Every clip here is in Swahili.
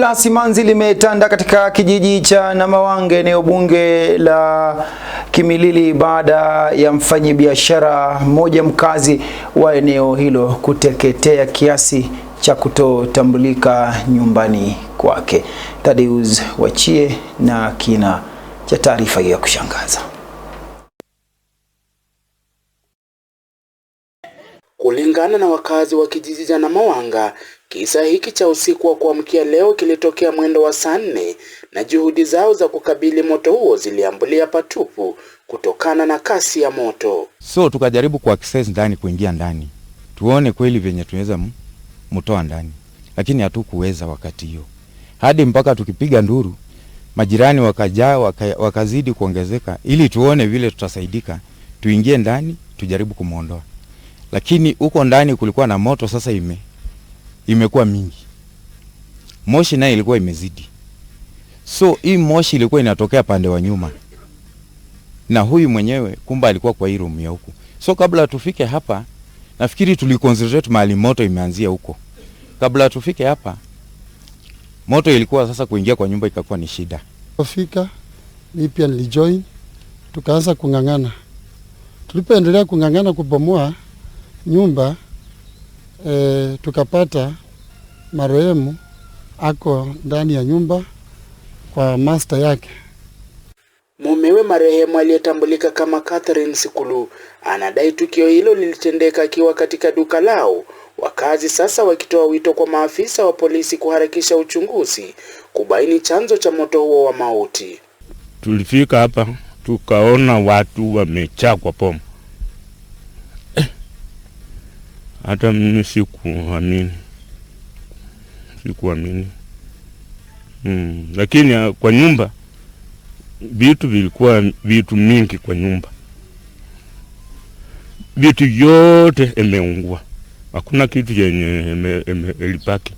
la simanzi limetanda katika kijiji cha Namawange, eneo bunge la Kimilili, baada ya mfanyabiashara mmoja mkazi wa eneo hilo kuteketea kiasi cha kutotambulika nyumbani kwake. Thaddeus Wachie na kina cha taarifa hiyo ya kushangaza. Kulingana na wakazi wa kijiji cha Namawanga, Kisa hiki cha usiku wa kuamkia leo kilitokea mwendo wa saa nne na juhudi zao za kukabili moto huo ziliambulia patupu kutokana na kasi ya moto. So tukajaribu ku access ndani, kuingia ndani tuone kweli venye tunaweza mtoa ndani, lakini hatukuweza wakati hiyo, hadi mpaka tukipiga nduru majirani wakajaa waka, wakazidi kuongezeka ili tuone vile tutasaidika, tuingie ndani tujaribu kumwondoa, lakini huko ndani kulikuwa na moto sasa ime imekuwa mingi, moshi naye ilikuwa imezidi. So hii moshi ilikuwa inatokea pande wa nyuma, na huyu mwenyewe kumba alikuwa kwa hii room ya huku. So kabla tufike hapa, nafikiri tuliconcentrate mahali moto imeanzia huko. Kabla tufike hapa, moto ilikuwa sasa kuingia kwa nyumba ikakuwa ni shida. Kufika mi pia nilijoin, tukaanza kung'ang'ana. Tulipoendelea kung'ang'ana kubomoa nyumba e, tukapata marehemu ako ndani ya nyumba kwa master yake. Mumewe marehemu aliyetambulika kama Catherine Sikulu anadai tukio hilo lilitendeka akiwa katika duka lao, wakazi sasa wakitoa wito kwa maafisa wa polisi kuharakisha uchunguzi kubaini chanzo cha moto huo wa mauti. Tulifika hapa tukaona watu wamechakwa pomo Hata mimi sikuamini, sikuamini mm. Lakini ah, kwa nyumba vitu vilikuwa vitu mingi kwa nyumba, vitu vyote imeungua, hakuna kitu chenye ilibaki.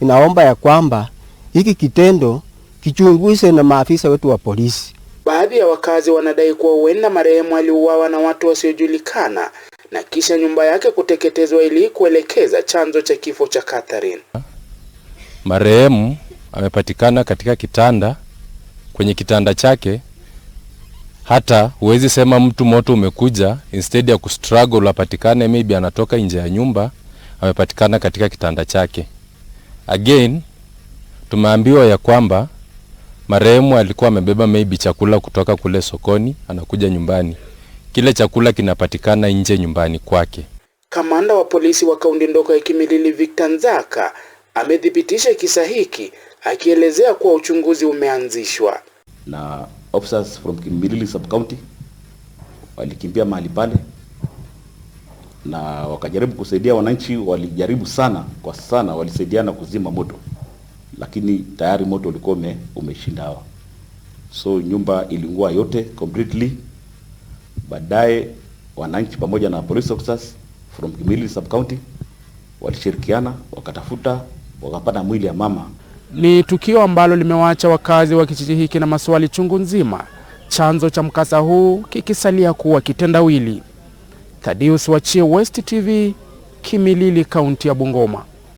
Inaomba ya kwamba hiki kitendo kichunguze na maafisa wetu wa polisi. Baadhi ya wakazi wanadai kuwa huenda marehemu aliuawa na watu wasiojulikana na kisha nyumba yake kuteketezwa ili kuelekeza chanzo cha kifo cha Catherine. Marehemu amepatikana katika kitanda, kwenye kitanda chake. Hata huwezi sema mtu moto umekuja, instead ya kustruggle apatikane, maybe anatoka nje ya nyumba, amepatikana katika kitanda chake. Again, tumeambiwa ya kwamba marehemu alikuwa amebeba maybe chakula kutoka kule sokoni, anakuja nyumbani. Kile chakula kinapatikana nje nyumbani kwake. Kamanda wa polisi wa kaunti ndogo ya Kimilili Victor Nzaka amethibitisha kisa hiki akielezea kuwa uchunguzi umeanzishwa. Na officers from Kimilili sub county walikimbia mahali pale na wakajaribu kusaidia wananchi, walijaribu sana kwa sana, walisaidiana kuzima moto, lakini tayari moto ulikuwa umeshinda hawa, so nyumba ilingua yote completely Baadaye wananchi pamoja na police officers from Kimilili sub county walishirikiana wakatafuta wakapata mwili ya mama. Ni tukio ambalo limewaacha wakazi wa kijiji hiki na maswali chungu nzima, chanzo cha mkasa huu kikisalia kuwa kitendawili. Thaddeus Wachie, West TV, Kimilili, kaunti ya Bungoma.